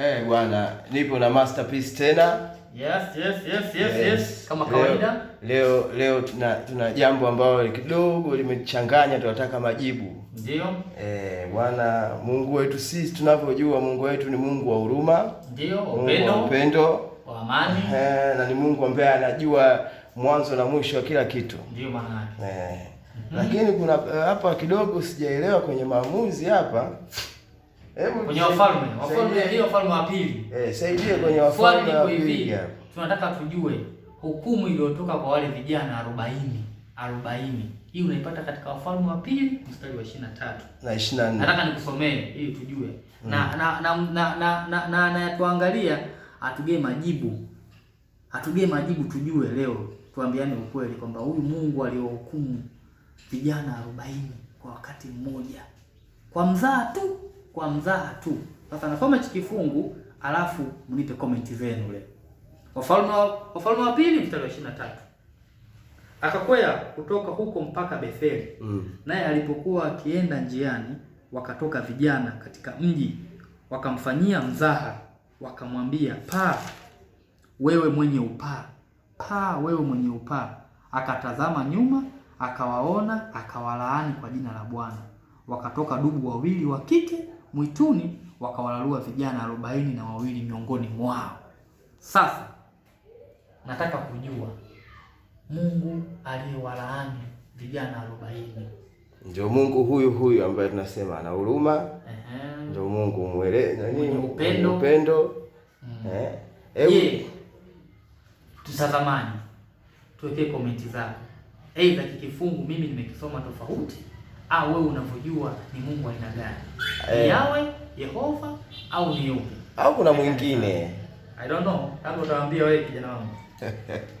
Eh, bwana, nipo na masterpiece tena. Yes, yes, yes, yes, yes. Eh, yes. Kama kawaida. Leo leo tuna tuna jambo ambalo kidogo limechanganya, tunataka majibu. Ndio. Eh, bwana, Mungu wetu sisi tunavyojua Mungu wetu ni Mungu wa huruma. Ndio, upendo. upendo, wa amani. Eh, na ni Mungu ambaye anajua mwanzo na mwisho wa kila kitu. Ndio maana. Eh. Mm -hmm. Lakini kuna eh, hapa kidogo sijaelewa kwenye maamuzi hapa. Hebu kwenye wafalme, wafalme hiyo wafalme wa pili. Eh, saidie kwenye wafalme wa pili. Tunataka tujue hukumu iliyotoka kwa wale vijana 40 40. Hii unaipata katika Wafalme wa pili mstari wa 23 na 24. Nataka nikusomee ili tujue. Mm. na Na na na na na, na, na, na tuangalia atugee majibu. Atugee majibu tujue leo tuambiane ukweli kwamba huyu Mungu aliyohukumu vijana 40 kwa wakati mmoja kwa mzaa tu kwa mzaha tu. Sasa nasoma hichi kifungu alafu mnipe comment zenu le Wafalme wa Wafalme wa pili mstari wa 23. Akakwea kutoka huko mpaka Betheli. Mm. Naye alipokuwa akienda njiani, wakatoka vijana katika mji, wakamfanyia mzaha, wakamwambia, paa wewe mwenye upaa, paa wewe mwenye upaa. Akatazama nyuma, akawaona, akawalaani kwa jina la Bwana wakatoka dubu wawili wa kike mwituni wakawalalua vijana arobaini na wawili miongoni mwao. Sasa nataka kujua Mungu aliyewalaani vijana arobaini ndio Mungu huyu huyu ambaye tunasema ana huruma, ndio Mungu mwele nani upendo, upendo. Mm. Eh, tuwekee komenti zako, aidha kikifungu mimi nimekisoma tofauti au wewe unavyojua ni Mungu aina gani? Eh. Yawe, Yehova au ni yupi? Au kuna mwingine? I don't know. Hapo utawaambia wewe kijana wangu.